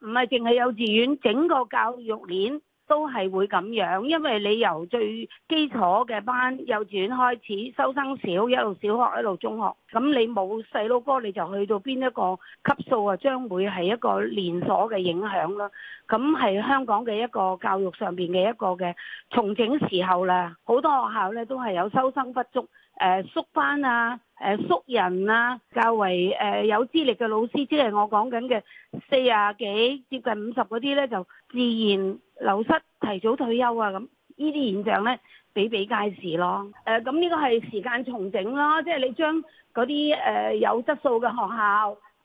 唔係淨係幼稚園，整個教育鏈都係會咁樣，因為你由最基礎嘅班幼稚園開始收生少，一路小學一路中學，咁你冇細佬哥你就去到邊一個級數啊？將會係一個連鎖嘅影響咯。咁係香港嘅一個教育上面嘅一個嘅重整時候啦，好多學校呢，都係有收生不足。誒、呃、縮班啊，誒、呃、縮人啊，較為誒、呃、有資歷嘅老師，即係我講緊嘅四啊幾接近五十嗰啲呢，就自然流失提早退休啊咁，呢啲現象呢，比比皆是咯。誒咁呢個係時間重整咯，即係你將嗰啲誒有質素嘅學校，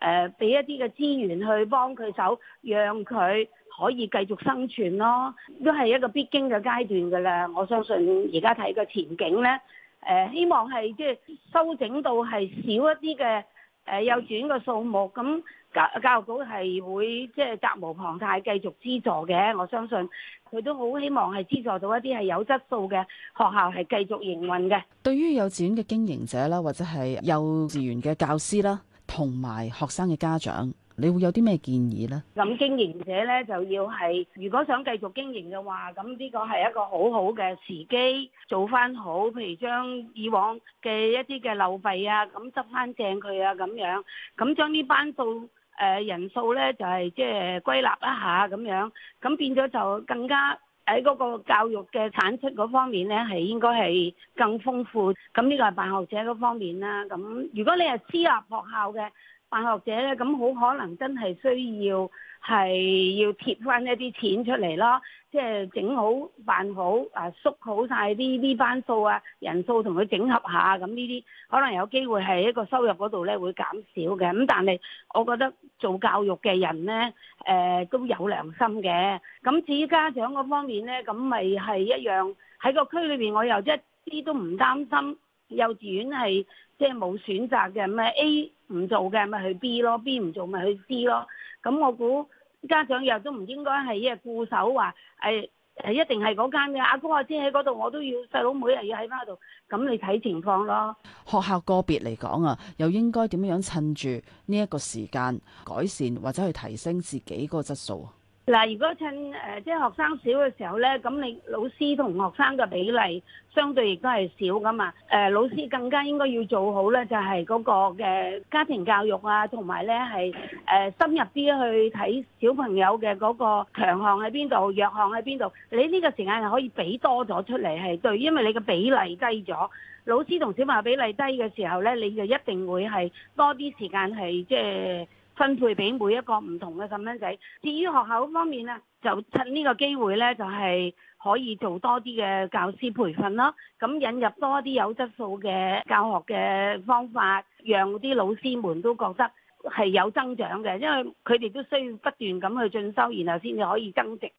誒俾、呃、一啲嘅資源去幫佢手，讓佢可以繼續生存咯，都係一個必經嘅階段㗎啦。我相信而家睇個前景咧，誒、呃、希望係即係修整到係少一啲嘅誒幼稚園嘅數目，咁教教育局係會即係責無旁貸繼續資助嘅。我相信佢都好希望係資助到一啲係有質素嘅學校係繼續營運嘅。對於幼稚園嘅經營者啦，或者係幼稚園嘅教師啦。同埋學生嘅家長，你會有啲咩建議呢？咁經營者呢就要係，如果想繼續經營嘅話，咁呢個係一個好好嘅時機，做返好，譬如將以往嘅一啲嘅流弊啊，咁執返正佢啊，咁樣，咁將呢班數誒人數呢就係即係歸納一下咁樣，咁變咗就更加。喺嗰個教育嘅產出嗰方面咧，係應該係更豐富。咁呢個係辦學者嗰方面啦、啊。咁如果你係私立學校嘅。辦學者咧，咁好可能真係需要係要貼返一啲錢出嚟咯，即係整好辦好啊，縮好晒啲呢班數啊，人數同佢整合下，咁呢啲可能有機會係一個收入嗰度咧會減少嘅。咁但係，我覺得做教育嘅人咧，誒、呃、都有良心嘅。咁至於家長嗰方面咧，咁咪係一樣喺個區裏邊，我又一啲都唔擔心。幼稚園係即係冇選擇嘅，咪 A 唔做嘅咪去 B 咯，B 唔做咪去 C 咯。咁我估家長又都唔應該係一固守話，誒誒、哎、一定係嗰間嘅。阿哥阿姐喺嗰度，我都要細佬妹又要喺翻度，咁你睇情況咯。學校個別嚟講啊，又應該點樣樣趁住呢一個時間改善或者去提升自己嗰個質素？嗱，如果趁誒即係學生少嘅時候咧，咁你老師同學生嘅比例，相對亦都係少噶嘛。誒、呃，老師更加應該要做好咧，就係、是、嗰個嘅家庭教育啊，同埋咧係誒深入啲去睇小朋友嘅嗰個強項喺邊度，弱項喺邊度。你呢個時間係可以俾多咗出嚟，係對，因為你嘅比例低咗，老師同小朋友比例低嘅時候咧，你就一定會係多啲時間係即係。分配俾每一個唔同嘅細蚊仔。至於學校方面咧，就趁呢個機會咧，就係可以做多啲嘅教師培訓咯。咁引入多啲有質素嘅教學嘅方法，讓啲老師們都覺得係有增長嘅，因為佢哋都需要不斷咁去進修，然後先至可以增值。